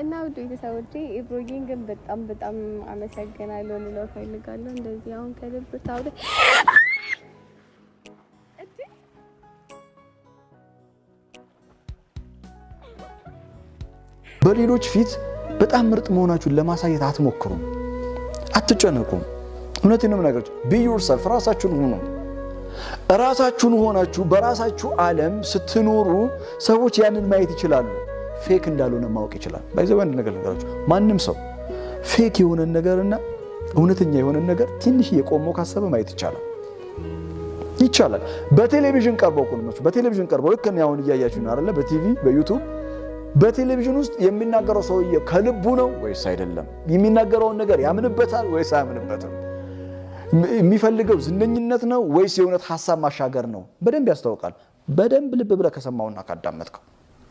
እና ውድ ቤተሰቦቼ ኢብሮዬን ግን በጣም በጣም አመሰግናለሁ ልለው ፈልጋለሁ። እንደዚህ አሁን ከልብ ታውደ በሌሎች ፊት በጣም ምርጥ መሆናችሁን ለማሳየት አትሞክሩም፣ አትጨነቁም። እውነትንም ነገር ቢዩር ሰልፍ ራሳችሁን ሁኑ። ራሳችሁን ሆናችሁ በራሳችሁ ዓለም ስትኖሩ ሰዎች ያንን ማየት ይችላሉ። ፌክ እንዳልሆነ ማወቅ ይችላል። ባይዘ አንድ ነገር ነገራቸው ማንም ሰው ፌክ የሆነን ነገርና እውነተኛ የሆነን ነገር ትንሽ እየቆሞ ካሰበ ማየት ይቻላል ይቻላል። በቴሌቪዥን ቀርበው ነው፣ በቴሌቪዥን ቀርበው ልክ አሁን እያያችሁ አለ በቲቪ በዩቱብ በቴሌቪዥን ውስጥ የሚናገረው ሰውዬ ከልቡ ነው ወይስ አይደለም? የሚናገረውን ነገር ያምንበታል ወይስ አያምንበትም? የሚፈልገው ዝነኝነት ነው ወይስ የእውነት ሀሳብ ማሻገር ነው? በደንብ ያስታውቃል። በደንብ ልብ ብለህ ከሰማውና ካዳመጥከው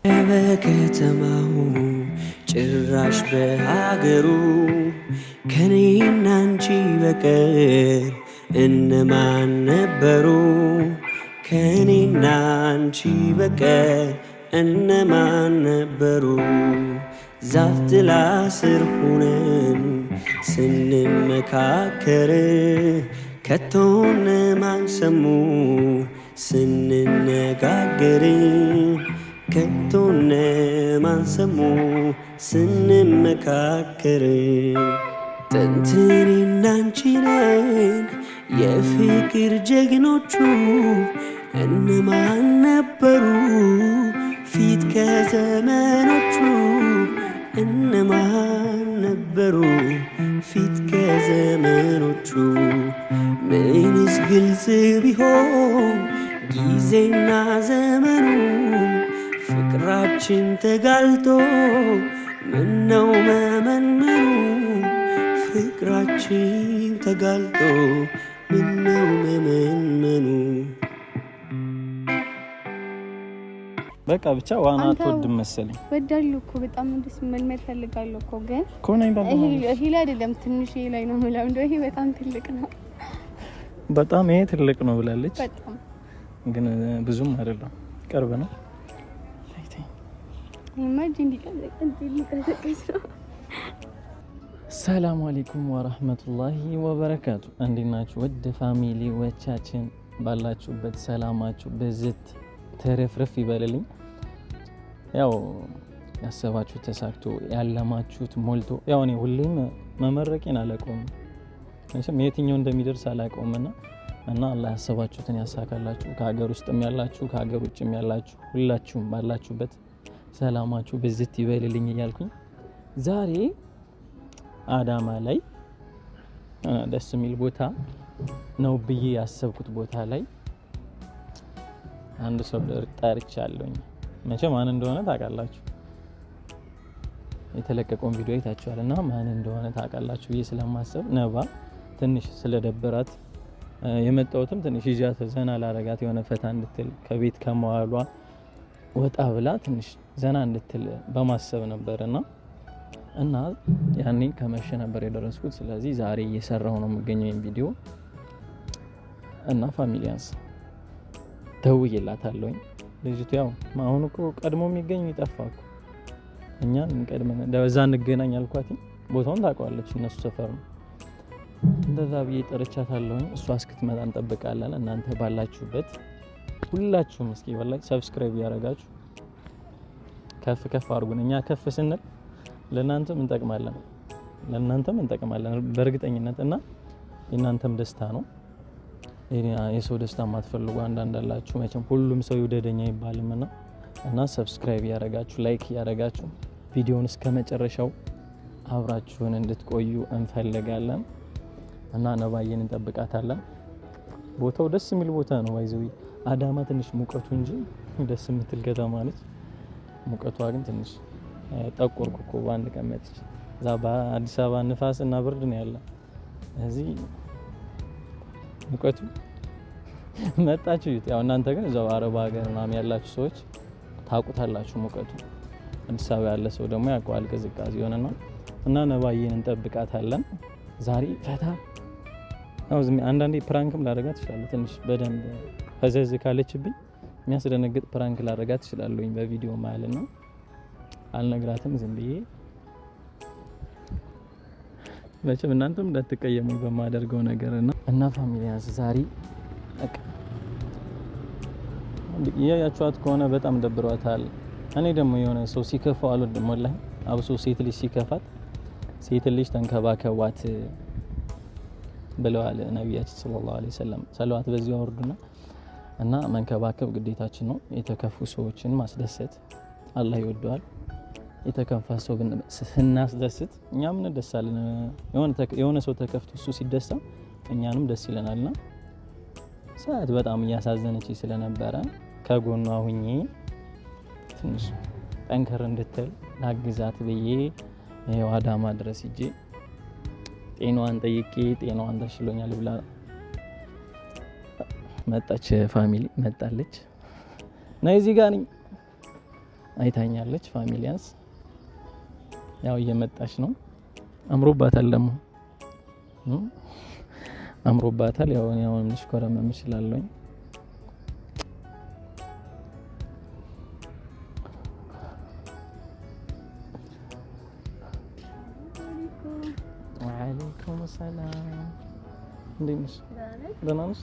በከተማው ጭራሽ በሀገሩ ከኔና አንቺ በቀር እነማን ነበሩ? ከኔና አንቺ በቀር እነማን ነበሩ? ዛፍ ጥላ ስር ሆነን ስንመካከር ከቶን ማን ሰሙ ስንነጋገር ከቶነ ማንሰሙ ስንመካከር ጥንትን እናንቺነን የፍቅር ጀግኖቹ እነማን ነበሩ? ፊት ከዘመኖቹ እነማን ነበሩ? ፊት ከዘመኖቹ ምንስ ግልጽ ቢሆን ጊዜና ዘመኑ ፍቅራችን ተጋልጦ ምነው መመንመኑ ፍቅራችን ተጋልጦ ምነው መመንመኑ በቃ ብቻ ዋና አትወድም መሰለኝ። ወዳለሁ እኮ በጣም እንደስ መልመድ ፈልጋለሁ እኮ ግን ይሄ ላይ አይደለም ትንሽ ይሄ ላይ ነው እንደው ይሄ በጣም ትልቅ ነው። በጣም ይሄ ትልቅ ነው ብላለች፣ ግን ብዙም አይደለም፣ ቅርብ ነው። ሰላሙ አሌይኩም ወራህመቱላሂ ወበረካቱ። እንዴት ናችሁ? ወደ ፋሚሊዎቻችን ባላችሁበት ሰላማችሁ ብዝት ትርፍርፍ ይበልልኝ። ያው ያሰባችሁት ተሳክቶ ያለማችሁት ሞልቶ ያው እኔ ሁሌም መመረቄን አላውቀውም መቼም የትኛው እንደሚደርስ አላውቀውም እና እና አላህ ያሰባችሁትን ያሳካላችሁ። ከሀገር ውስጥም ያላችሁ ከሀገር ውጭም ያላችሁ ሁላችሁም ባላችሁበት ሰላማችሁ ብዝት ይበልልኝ እያልኩኝ ዛሬ አዳማ ላይ ደስ የሚል ቦታ ነው ብዬ ያሰብኩት ቦታ ላይ አንድ ሰው ጠርቻለሁኝ። መቼ ማን እንደሆነ ታውቃላችሁ፣ የተለቀቀውን ቪዲዮ አይታችኋል እና ማን እንደሆነ ታውቃላችሁ ብዬ ስለማሰብ ነባ ትንሽ ስለደበራት የመጣሁትም ትንሽ ይዣት ዘና ላረጋት የሆነ ፈታ እንድትል ከቤት ከመዋሏ ወጣ ብላ ትንሽ ዘና እንድትል በማሰብ ነበር እና እና ያኔ ከመሸ ነበር የደረስኩት። ስለዚህ ዛሬ እየሰራሁ ነው የምገኘው ቪዲዮ እና ፋሚሊያንስ ደውዬላታለሁኝ። ልጅቱ ያው አሁን እኮ ቀድሞ የሚገኝ ይጠፋኩ እኛ እኛን እንቀድመን እዛ እንገናኝ አልኳት። ቦታውን ታውቀዋለች፣ እነሱ ሰፈር ነው። እንደዛ ብዬ ጠርቻታለሁኝ። እሷ እስክትመጣ እንጠብቃለን። እናንተ ባላችሁበት ሁላችሁም እስኪ በላይ ሰብስክራይብ ያደረጋችሁ ከፍ ከፍ አድርጉን። እኛ ከፍ ስንል ለእናንተም እንጠቅማለን፣ ለእናንተም እንጠቅማለን በእርግጠኝነት እና የእናንተም ደስታ ነው። የሰው ደስታ የማትፈልጉ አንዳንድ አላችሁ። መቼም ሁሉም ሰው ይውደደኛ አይባልም እና እና ሰብስክራይብ ያደረጋችሁ ላይክ ያደረጋችሁ ቪዲዮውን እስከ መጨረሻው አብራችሁን እንድትቆዩ እንፈልጋለን እና ነባዬን እንጠብቃታለን። ቦታው ደስ የሚል ቦታ ነው። ባይዘዊ አዳማ ትንሽ ሙቀቱ እንጂ ደስ የምትል ከተማ ነች። ሙቀቷ ግን ትንሽ ጠቆርኩ እኮ በአንድ ቀን መጥቼ። እዛ በአዲስ አበባ ንፋስ እና ብርድ ነው ያለ። እዚህ ሙቀቱ መጣችሁ ያው እናንተ ግን እዛው አረብ ሀገር ምናምን ያላችሁ ሰዎች ታውቁታላችሁ ሙቀቱ። አዲስ አበባ ያለ ሰው ደግሞ ያውቀዋል ቅዝቃዜ የሆነና እና ነባዬን እንጠብቃታለን ዛሬ ፈታ አንዳንዴ ፕራንክም ላደርጋት ይችላል። ትንሽ በደንብ ፈዘዝ ካለችብኝ የሚያስደነግጥ ፕራንክ ላደርጋት እችላለሁኝ በቪዲዮ ማለት ነው። አልነግራትም ዝም ብዬ መቼም እናንተም እንዳትቀየሙ በማደርገው ነገር እና እና ፋሚሊያስ ዛሬ እያያችኋት ከሆነ በጣም ደብሯታል። እኔ ደግሞ የሆነ ሰው ሲከፋው አልወድም ወላሂ፣ አብሶ ሴት ልጅ ሲከፋት ሴት ልጅ ተንከባከቧት ብለዋል ነቢያችን ሰለላሁ ዐለይሂ ወሰለም። ሰለዋት በዚህ አወርዱና እና መንከባከብ ግዴታችን ነው። የተከፉ ሰዎችን ማስደሰት አላህ ይወደዋል። የተከፋ ሰው ስናስደስት እኛም እንደሳለን። የሆነ ሰው ተከፍቶ እሱ ሲደሳ እኛንም ደስ ና ሰዓት በጣም እያሳዘነች ስለነበረ ከጎኗ ሁኜ ትንሽ ጠንከር እንድትል ላግዛት ብዬ ዋዳማ ድረስ ሂጄ ጤናዋን ጠይቄ ጤናዋን ተሽሎኛል ብላ መጣች፣ ፋሚሊ መጣለች። እና እዚህ ጋር ነኝ አይታኛለች። ፋሚሊያንስ ያው እየመጣች ነው። አምሮባታል፣ ደግሞ አምሮባታል። ያው ያው ምንሽ ኮረመም እችላለሁኝ ወአለይኩም ሰላም እንዴት ነሽ? ደህና ነሽ?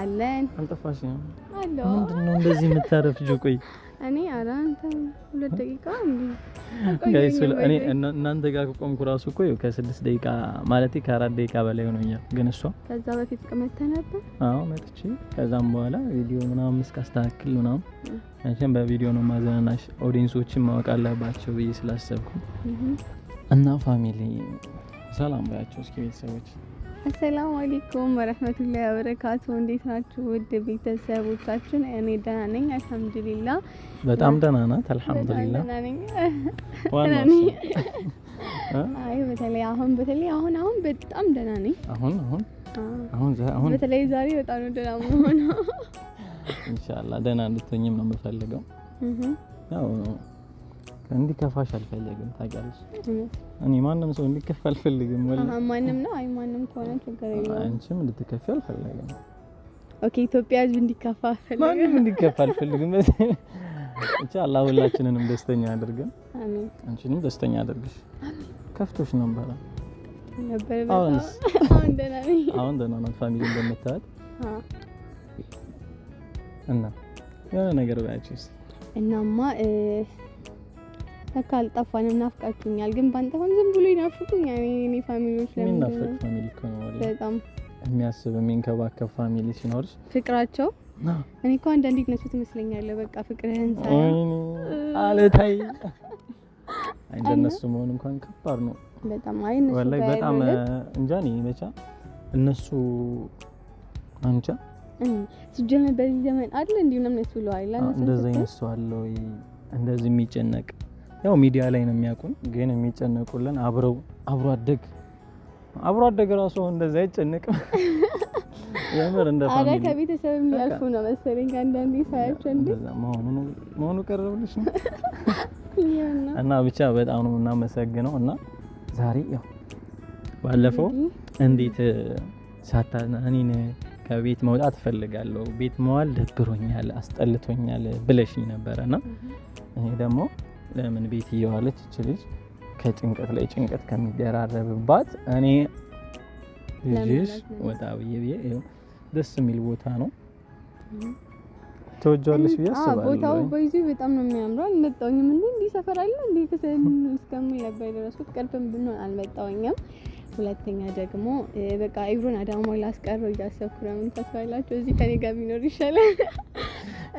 አለን። አልጠፋሽም። ምንድን ነው እንደዚህ የምታረፍጂው? ቆይ እኔ ኧረ አንተ ሁለት ደቂቃ እናንተ ጋር ከቆምኩ እራሱ እኮ ከስድስት ደቂቃ ማለቴ ከአራት ደቂቃ በላይ ሆኖኛል። ግን እሷ ከዛ በፊት ነበር? አዎ መጥቼ ከዛም በኋላ ቪዲዮ ምናምን እስካስተካክል ምናምን መቼም በቪዲዮ ነው ማዘናናሽ፣ ኦዲየንሶችን ማወቅ አለባቸው ብዬ ስላሰብኩ እና ፋሚሊ ሰላም ባያቸው እስኪ ቤተሰቦች አሰላሙ አለይኩም ወረህመቱላሂ ወበረካቱ። እንዴት ናችሁ ውድ ቤተሰቦቻችን? እኔ ደህና ነኝ አልሐምዱሊላህ። በጣም ደህና ናት አልሐምዱሊላህ። አይ በተለይ አሁን በተለይ አሁን አሁን በጣም ደህና ነኝ። አሁን አሁን አሁን በተለይ ዛሬ በጣም ነው ደህና መሆን። ኢንሻአላህ ደህና እንድትሆኝም ነው የምፈልገው ያው እንዲከፋሽ አልፈልግም። ታውቂያለሽ፣ እኔ ማንም ሰው እንዲከፋ አልፈልግም። ወላሂ ማንም ነው። አይ ማንም ከሆነ ችግር የለውም። አንቺም እንድትከፊ አልፈልግም። ኦኬ፣ ኢትዮጵያ ሕዝብ እንዲከፋ አልፈልግም። ማንም እንዲከፋ አልፈልግም። ብቻ አላህ ሁላችንንም ደስተኛ ያድርገን። አሜን። አንቺንም ደስተኛ ያድርግሽ። አሜን። ከፍቶሽ ነበረ ነበር አሁንስ? አሁን ደህና ነኝ። አሁን ደህና ነው። ፋሚሊ እንደምታያት እና የሆነ ነገር ባያችሁስ? እናማ ሸካ አልጠፋንም። ናፍቃችሁኛል፣ ግን ባንጠፋም ዝም ብሎ ይናፍቁኛል። እኔ ፋሚሊዎች ለምንናፍቅ ፋሚሊ እኮ በጣም የሚያስብ የሚንከባከብ ፋሚሊ ሲኖርሽ ፍቅራቸው እኔ እኮ አንዳንዴ ነሱ ትመስለኛለህ። በቃ ፍቅርህን ሳይ አለታይ እንደነሱ መሆን እንኳን ከባድ ነው በጣም አይ እነሱ ወላሂ በጣም እንጃ እኔ መቻ እነሱ አንቻ ሲጀመር በዚህ ዘመን አይደል እንዲሁ ነው የሚያስብለው አይደል እንደዚህ ይነሱ አለ ወይ እንደዚህ የሚጨነቅ ያው ሚዲያ ላይ ነው የሚያውቁን፣ ግን የሚጨነቁልን አብረው አብሮ አደግ አብሮ አደግ ራሱ እንደዛ አይጨነቅም። የምር እንደ ፋሚሊ ከቤተሰብ የሚያልፉ ነው መሰለኝ አንዳንዴ ሳያቸው እንደ መሆኑ ቀረብልሽ ነው እና ብቻ በጣም ነው እናመሰግነው እና ዛሬ ያው ባለፈው እንዴት ሳታናኒን ከቤት መውጣት እፈልጋለሁ ቤት መዋል ደብሮኛል፣ አስጠልቶኛል ብለሽኝ ነበረና እኔ ደግሞ ለምን ቤት እየዋለች ይች ልጅ ከጭንቀት ላይ ጭንቀት ከሚደራረብባት እኔ ልጅሽ ወጣ ብዬ ብዬ ደስ የሚል ቦታ ነው። ተወጃለሽ ብዬ አስባለሁ። ቦታው በይዙ በጣም ነው የሚያምረው። አልመጣሁኝም እንዴ እንዲህ ሰፈር አለ እንዴ ተሰን እስከሚል ነበር የደረስኩት። ቅርብም ብንሆን አልመጣሁኝም። ሁለተኛ ደግሞ በቃ ኢብሮን አዳማ ላስቀረው እያሰብኩ ነው። ምን ተስፋ እዚህ ከኔ ጋር ቢኖር ይሻላል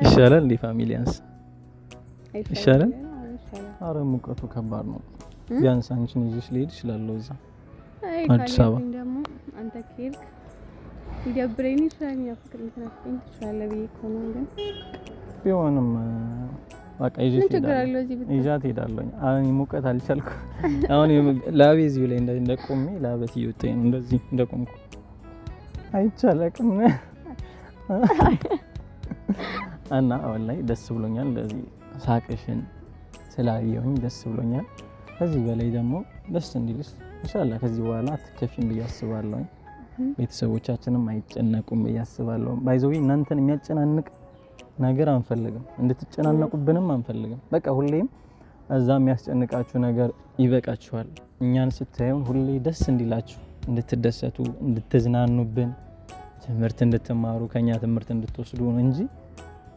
ይሻላል እንዴ ፋሚሊያንስ ይሻላል አረ ሙቀቱ ከባድ ነው። ቢያንስ አንቺን ይዤሽ ልሄድ እችላለሁ እዛ አዲስ አበባ ደግሞ አንተ ከሄድክ ሊደብረኝ ይችላል። ያ ፍቅር ልትናፍቀኝ ትችላለህ ብዬ እኮ ነው። ግን ቢሆንም በቃ ይዣት ሄዳለሁ። አሁን ሙቀት አልቻልኩ። አሁን ላቤ እዚሁ ላይ እንደቆሜ ላበት እየወጣኝ ነው። እንደዚህ እንደቆምኩ አይቻለቅም እና አሁን ላይ ደስ ብሎኛል። እንደዚህ ሳቅሽን ስላየሁኝ ደስ ብሎኛል። ከዚህ በላይ ደግሞ ደስ እንዲልስ እንሻላ ከዚህ በኋላ አትከፊም ብዬ አስባለሁ። ቤተሰቦቻችንም አይጨነቁም ብዬ አስባለሁ። ባይዘዊ እናንተን የሚያጨናንቅ ነገር አንፈልግም፣ እንድትጨናነቁብንም አንፈልግም። በቃ ሁሌም እዛ የሚያስጨንቃችሁ ነገር ይበቃችኋል። እኛን ስታዩን ሁሌ ደስ እንዲላችሁ፣ እንድትደሰቱ፣ እንድትዝናኑብን፣ ትምህርት እንድትማሩ፣ ከኛ ትምህርት እንድትወስዱ ነው እንጂ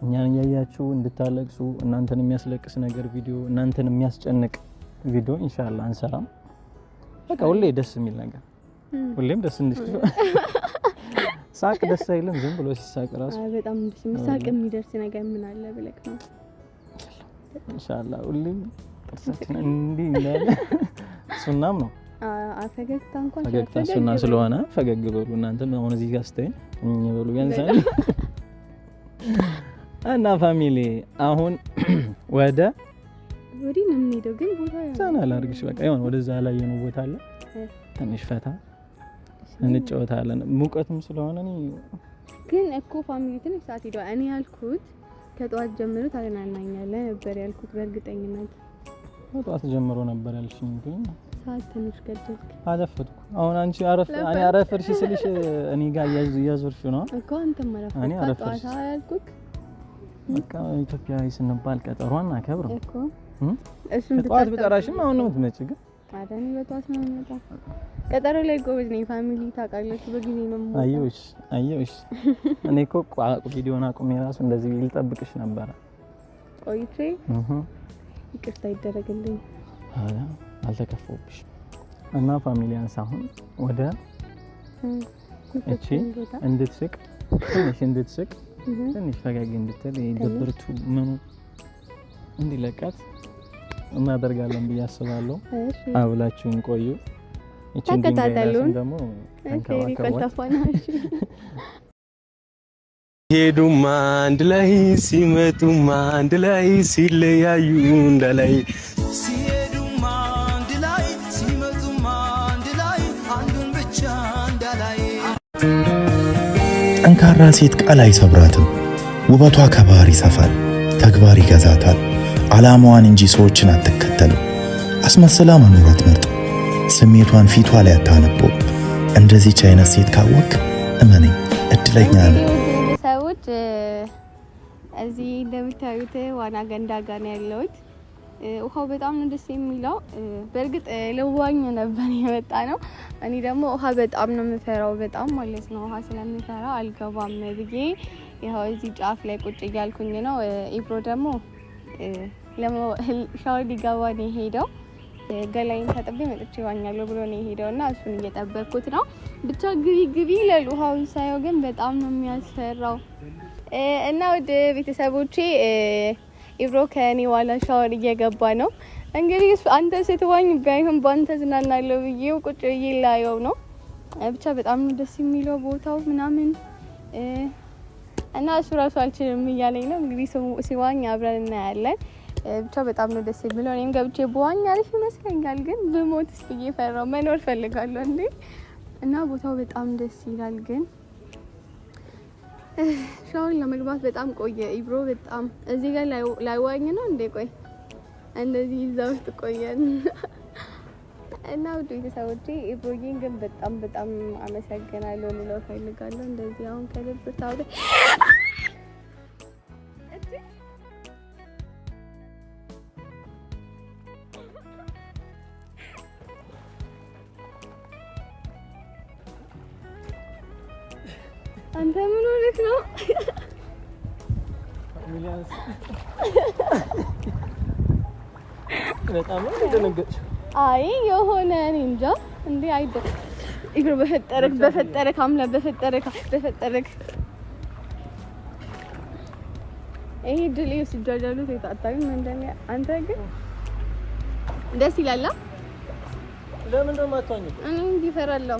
እኛን እያያችሁ እንድታለቅሱ እናንተን የሚያስለቅስ ነገር ቪዲዮ፣ እናንተን የሚያስጨንቅ ቪዲዮ ኢንሻላ አንሰራም። በቃ ሁሌ ደስ የሚል ነገር ሁሌም ደስ እንድሽ ሳቅ ደስ አይልም? ዝም ብሎ ሲሳቅ ራሱ በጣም ሳቅ የሚደርስ ነገር ምን አለ ብለክ ነው። ኢንሻአላ ሁሌም ጥርሳችን እንዲህ እንዳለ ሱናም ነው ፈገግታ እንኳን ፈገግታ ሱና ስለሆነ ፈገግ በሉ እናንተም። አሁን እዚህ ጋር ስተይ እኝ በሉ ያንሳል እና ፋሚሊ አሁን ወደ ወዲህ ነው የምንሄደው፣ ግን ቦታ ዘና ላድርግሽ። በቃ ይሁን፣ ወደዛ ላይ የሆነ ቦታ አለ፣ ትንሽ ፈታ እንጫወታለን። ሙቀቱም ስለሆነ እኔ ግን እኮ ፋሚሊ ትንሽ ሰዓት ሄደዋል። እኔ ያልኩት ከጠዋት ጀምሮ ታዝናናኛለህ ነበር ያልኩት። በእርግጠኝነት ከጠዋት ጀምሮ ነበር ያልሽኝ፣ ግን ሰዓት ትንሽ ገደልክ። አለፈትኩ። አሁን አንቺ አረፍ አረፍርሽ ስልሽ እኔ ጋር እያዞርሽ ነው እኮ። አንተም አረፈርሽ። አረፍርሽ አረፈርሽ ያልኩት በቃ ኢትዮጵያዊ ስንባል ቀጠሯን አከብር እኮ እሱም ጠዋት ብጠራሽም አሁን ነው የምትመጪው ግን አደን በጠዋት ነው የምመጣው። ቀጠሮ ላይ ጎበዝ ነኝ። ፋሚሊ ታውቃለች። በጊዜ ነው የምወጣው። አየሁሽ አየሁሽ። እኔ እኮ ቪዲዮን አቁሜ እራሱ እንደዚህ ልጠብቅሽ ነበረ ቆይቼ። ይቅርታ ይደረግልኝ። አላ አልተከፋሁብሽ። እና ፋሚሊያንስ አሁን ወደ እቺ እንድትስቅ ትንሽ እንድትስቅ ትንሽ ፈገግ እንድትል ድብርቱ ምኑ እንዲለቃት እናደርጋለን ብዬ አስባለሁ። አብላችሁን ቆዩ። ተከታተሉን ደግሞ ሄዱም አንድ ላይ ሲመጡም አንድ ላይ ሲለያዩ ሲሄዱም አንድ ላይ ሲመጡም አንድ ላይ አንዱን ብቻ ጠንካራ ሴት ቃል አይሰብራትም። ውበቷ ከባህር ይሰፋል፣ ተግባር ይገዛታል። ዓላማዋን እንጂ ሰዎችን አትከተልም። አስመስላ መኖር አትመርጥም። ስሜቷን ፊቷ ላይ አታነበው። እንደዚች አይነት ሴት ካወቅ እመነኝ እድለኛ ነው። ሰዎች እዚህ እንደምታዩት ዋና ገንዳ ጋር ነው ያለሁት። ውሃው በጣም ነው ደስ የሚለው። በእርግጥ ልዋኝ ነበር የመጣ ነው። እኔ ደግሞ ውሃ በጣም ነው የምፈራው፣ በጣም ማለት ነው። ውሃ ስለምፈራ አልገባም ብዬ ይኸው እዚህ ጫፍ ላይ ቁጭ እያልኩኝ ነው። ኢብሮ ደግሞ ሻወር ሊገባ ነው የሄደው። ገላይን ተጠብ መጥቼ ይዋኛለሁ ብሎ ነው የሄደው እና እሱን እየጠበኩት ነው። ብቻ ግቢ ግቢ ይላል። ውሃውን ሳየው ግን በጣም ነው የሚያስፈራው እና ወደ ቤተሰቦቼ ኢብሮ ከእኔ ዋላ ሻወር እየገባ ነው። እንግዲህ አንተ ስትዋኝ ባይሆን በአንተ ዝናናለሁ ብዬው ቁጭ ብዬ ላየው ነው። ብቻ በጣም ነው ደስ የሚለው ቦታው ምናምን እና እሱ ራሱ አልችልም እያለኝ ነው። እንግዲህ ሲዋኝ አብረን እናያለን። ብቻ በጣም ነው ደስ የሚለው። እኔም ገብቼ በዋኝ አሪፍ ይመስለኛል፣ ግን ብሞትስ ብዬ ፈራው። መኖር ፈልጋለሁ እንዴ! እና ቦታው በጣም ደስ ይላል ግን ሻውን ለመግባት በጣም ቆየ። ኢብሮ በጣም እዚህ ጋር ላይዋኝ ነው እንዴ? ቆይ እንደዚህ ይዛ ውስጥ ቆየን እና ውድ ቤተሰቦቼ ኢብሮዬን ግን በጣም በጣም አመሰግናለሁ ልለው ፈልጋለሁ። እንደዚህ አሁን ከልብ ታውደ ነው። በጣም ደነገጥሽው? አይ የሆነ እኔ እንጃ እንዴ አይደ እግር በፈጠረክ በፈጠረክ አምላክ በፈጠረክ በፈጠረክ ይሄ ድል ሲጃጃሉት የታታሪም እንደኔ አንተ ግን ደስ ይላል። ለምን እንደማታውኝ እኔ እንዲፈራለሁ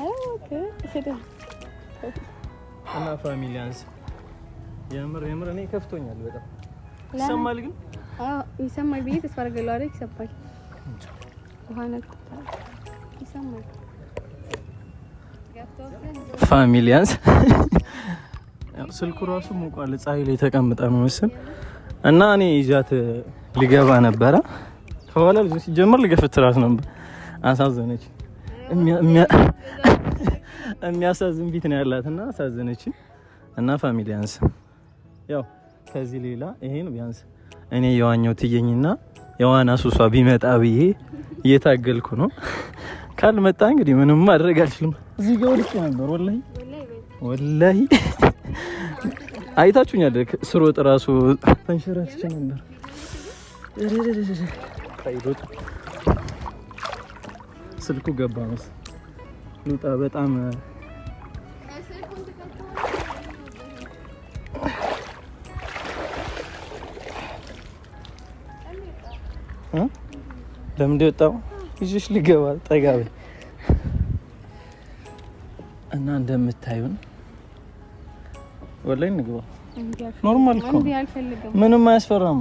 እና ፋሚሊ አንስ የምር የምር እኔ ከፍቶኛል በጣም ይሰማል፣ ግን ይሰማል ብዬ ተስፋ አደርጋለሁ። አይደል? ይሰማል ፋሚሊ ስልኩ ራሱ ሞቋል። ፀሐይ ላይ ተቀምጣ ነው መሰል እና እኔ ይዣት ልገባ ነበረ። ከኋላ ልጅ ሲጀምር ልገፍት ራሱ ነበር። አሳዘነች። የሚያሳዝን ፊት ነው ያላት እና አሳዘነች። እና ፋሚሊያንስ ያው ከዚህ ሌላ ይሄን ቢያንስ እኔ የዋኘው ትየኝና የዋና ሱሷ ቢመጣ ብዬ እየታገልኩ ነው። ካልመጣ እንግዲህ ምንም ማድረግ አልችልም። እዚህ ጋር ወድቄ ነበር። ወላሂ ወላሂ አይታችሁኛል። ስሮጥ ራሱ ተንሸራትቼ ነበር። ስልኩ ገባ መስ ሉጣ በጣም ለምን እንደወጣው ይዤሽ ልገባ ጠጋ በል እና እንደምታዩን ወላሂ እንግባ። ኖርማል እኮ ምንም አያስፈራም።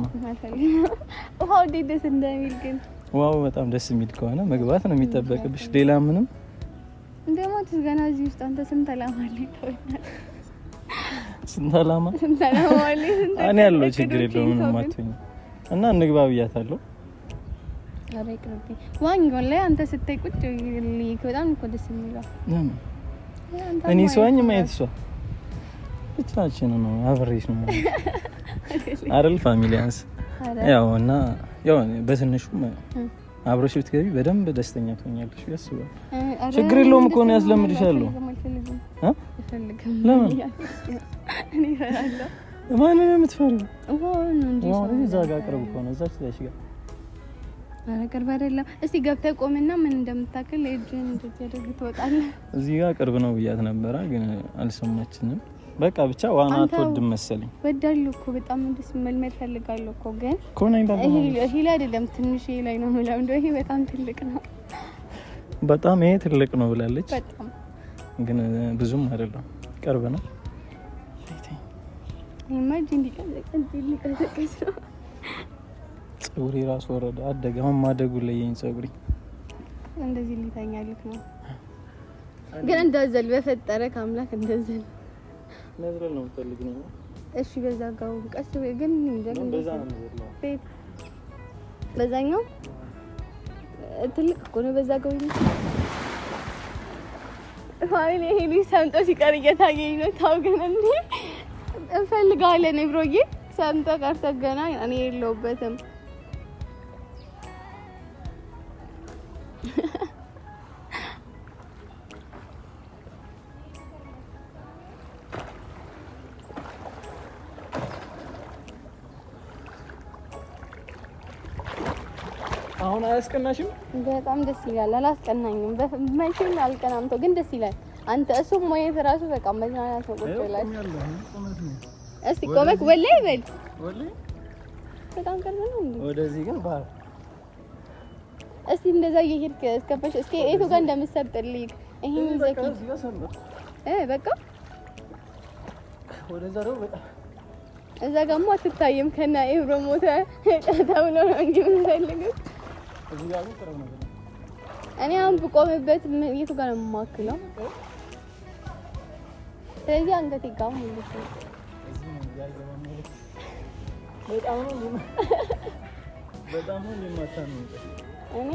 ውሃው እንዴት ደስ እንደሚል ግን ዋው! በጣም ደስ የሚል ከሆነ መግባት ነው የሚጠበቅብሽ። ሌላ ምንም እንደሞት ገና እዚህ ውስጥ አንተ ስንት አላማ ስንት አላማ እኔ ያለው ችግር የለውም ምንም አትሆኝም። እና እንግባ ብያታለሁ ኧረ ይቅርብኝ። ዋንጎን ላይ አንተ ስታይ ቁጭ በጣም እኮ ደስ የሚለው እኔ ሰዋኝ ማየት እሷ ብቻችን ነው አብሬሽ ነው አይደል ፋሚሊያንስ ያው እና ያው በትንሹ አብሮሽ ብትገቢ በደንብ ደስተኛ ትሆኛለሽ ያስባል። ችግር የለውም እኮ ነው ያስለምድሻለሁ። ለምን ማንን የምትፈሪው እዛ ጋር ቅርብ እኮ ነው እዛች ጋር ኧረ ቅርብ አይደለም። እስቲ ገብተህ ቆምና ምን እንደምታክል እጅን እንደዚህ ትወጣለህ። እዚህ ጋር ቅርብ ነው ብያት ነበረ፣ ግን አልሰማችንም። በቃ ብቻ ዋና አትወድም መሰለኝ። ወዳለሁ እኮ በጣም ደስ መልመድ ፈልጋለሁ እኮ ግን ይሄ ላይ አይደለም፣ ትንሽ ይሄ ላይ ነው የምለው። ይሄ በጣም ትልቅ ነው፣ በጣም ይሄ ትልቅ ነው ብላለች። በጣም ግን ብዙም አይደለም፣ ቅርብ ነው። ይሄማ ዲካ እንዲቀዘቀዝ ነው ፀጉሬ ራሱ ወረደ፣ አደገ። አሁን ማደጉ ለየኝ ፀጉሬ። እንደዚህ ሊታኛልክ ነው ግን እንደዘል በፈጠረ ከአምላክ እንደዘል ነዝረል ነው የምፈልግ ነው። እሺ በዛ ጋው ቀስ ግን እንደዚህ ነው በዛ ቤት በዛኛው ትልቅ እኮ ነው። በዛ ጋው ይሄ ፋሚሊ ይሄ ልጅ ሰምጦ ሲቀር እየታየኝ ነው። ታው ግን እንዴ እንፈልጋለን ብሮዬ ሰምጦ ቀርተህ ገና እኔ የለሁበትም አሁን አያስቀናሽም? በጣም ደስ ይላል። አላስቀናኝም፣ መቼም አልቀናም። ተው ግን ደስ ይላል። አንተ እሱ ማየት እራሱ በቃ መዝናናት ነው። ቁጭ ብላል። እስቲ ቆመክ ወላይ በል። በጣም ቅርብ ነው። ወደዚህ ግን ባህር እስቲ እንደዛ እየሄድክ እስከፈሽ እስኪ እቱ ጋር እንደምትሰጥልኝ ይሄን ዘኪ እ በቃ ወደዛ ነው። በቃ እዛ ጋር ጋርማ አትታይም። ከና ኤብሮ ሞተ ተብሎ ነው እንጂ ምን የምንፈልገው እኔ አሁን ብቆምበት የቱ ጋር ነው የማክለው? ስለዚህ አንገቴ ጋር ማለት ነው። በጣም ነው በጣም ነው የማታምነው እኔ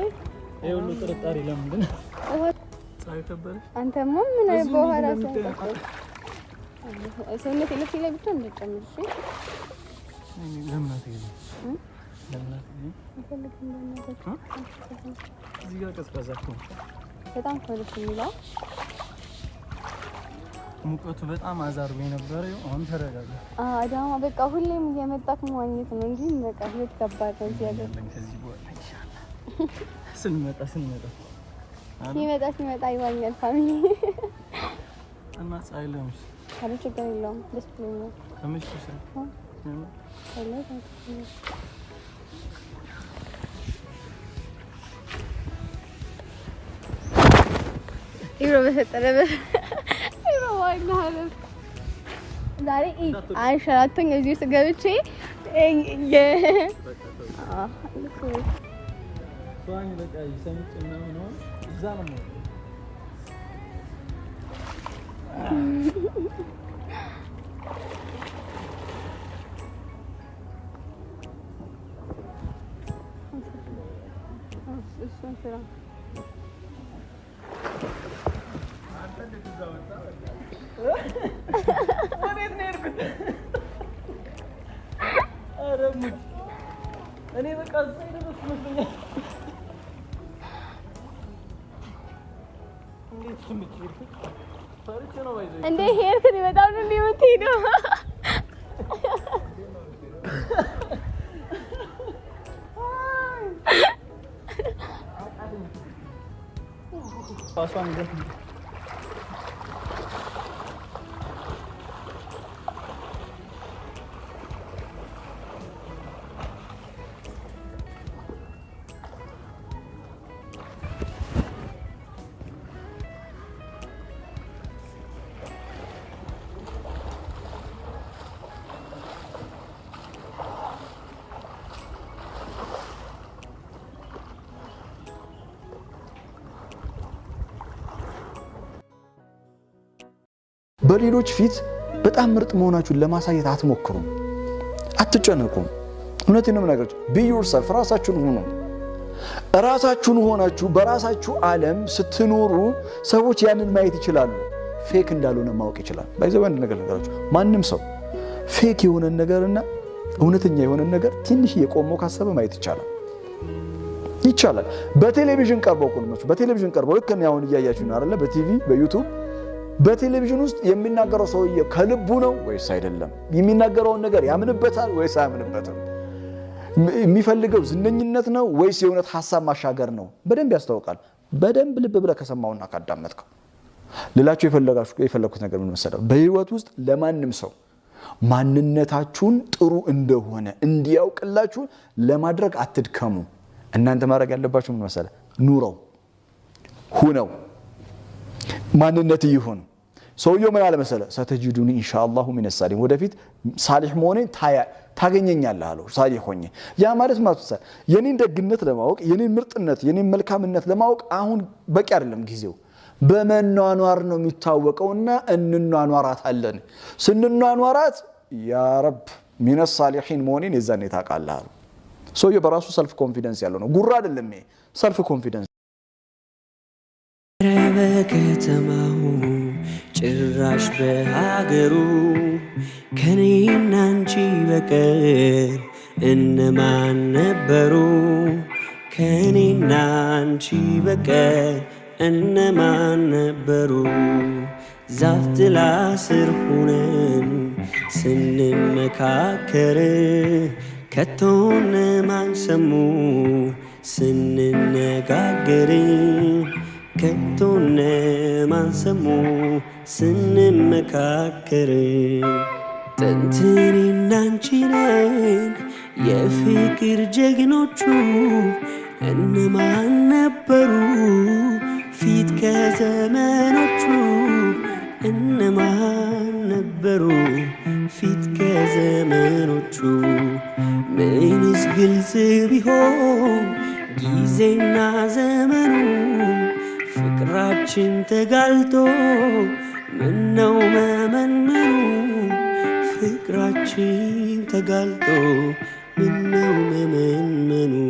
ይሄ ሁሉ ጥርጣሬ ለምንድን ነው? ፀሐይ ሙቀቱ በጣም አዛርጎ የነበረ አሁን ተረጋጋ። አዳማ በቃ ሁሌም እየመጣክ መዋኘት ነው እንጂ በቃ ህይወት ከባድ ነው። ስንመጣ ስንመጣ ሲመጣ ሲመጣ ይዋኛል ፋሚሊ እና ፀሐይ ለምሽ አለ ችግር የለውም ደስ ብሎኛል። ከምሽ ኢብሮ በፈጠረ ኢብሮ ዋና ሀበብ ዛሬ አንሸራቶኝ እዚህ ውስጥ ገብቼ تفاح لك سميت انه منو زلمه እኔ በቃ እዛ ሄደ መስሎኛል እንዴ ሄድክ? በጣም ነው የምትሄደው። ፓስዋን በሌሎች ፊት በጣም ምርጥ መሆናችሁን ለማሳየት አትሞክሩም፣ አትጨነቁም። እውነት ነው ነገር ቢ ዩርሰልፍ ራሳችሁን ሁኑ። ራሳችሁን ሆናችሁ በራሳችሁ ዓለም ስትኖሩ ሰዎች ያንን ማየት ይችላሉ። ፌክ እንዳልሆነ ማወቅ ይችላል። ባይዘ አንድ ነገር ነገራችሁ ማንም ሰው ፌክ የሆነን ነገርና እውነተኛ የሆነን ነገር ትንሽ የቆመው ካሰበ ማየት ይቻላል ይቻላል። በቴሌቪዥን ቀርበው በቴሌቪዥን ቀርበው ልክ አሁን እያያችሁ አይደለ? በቲቪ በዩቱብ በቴሌቪዥን ውስጥ የሚናገረው ሰውዬ ከልቡ ነው ወይስ አይደለም? የሚናገረውን ነገር ያምንበታል ወይስ አያምንበትም? የሚፈልገው ዝነኝነት ነው ወይስ የእውነት ሀሳብ ማሻገር ነው? በደንብ ያስታውቃል። በደንብ ልብ ብለህ ከሰማውና ካዳመጥከው። ሌላቸው የፈለግኩት ነገር ምን መሰለው? በህይወት ውስጥ ለማንም ሰው ማንነታችሁን ጥሩ እንደሆነ እንዲያውቅላችሁ ለማድረግ አትድከሙ። እናንተ ማድረግ ያለባችሁ ምን መሰለ? ኑረው ሁነው ማንነት ይሁን ሰውየው ምን አለ መሰለ ሰተጅዱኒ ኢንሻአላሁ ሚነ ሳሊሒን ወደፊት ሳሊህ መሆኔን ታገኘኛለህ አለው ሳሊህ ሆኜ ያ ማለት ማለት የኔን ደግነት ለማወቅ የኔን ምርጥነት የኔን መልካምነት ለማወቅ አሁን በቂ አይደለም ጊዜው በመኗኗር ነው የሚታወቀው እና እንኗኗራት አለን ስንኗኗራት ያ ረብ ሚነ ሳሊሒን መሆኔን የዛኔ ታውቃለህ አሉ ሰውየው በራሱ ሰልፍ ኮንፊደንስ ያለው ነው ጉራ አይደለም ሰልፍ ኮንፊደንስ አልሰማሁም ጭራሽ በሀገሩ ከኔና አንቺ በቀር እነማን ነበሩ? ከኔና አንቺ በቀር እነማን ነበሩ? ዛፍ ጥላ ስር ሆነን ስንመካከር ከቶን ሰሙ ስንነጋገር ከቶነ ማንሰሙ ስንመካከር ጥንትን እናንቺነን የፍቅር ጀግኖቹ እነማን ነበሩ? ፊት ከዘመኖቹ እነማን ነበሩ? ፊት ከዘመኖቹ ምንስ ግልጽ ቢሆን ጊዜና ዘመኑ ፍቅራችን ተጋልጦ ምነው መመንመኑ ፍቅራችን ተጋልጦ ምነው መመንመኑ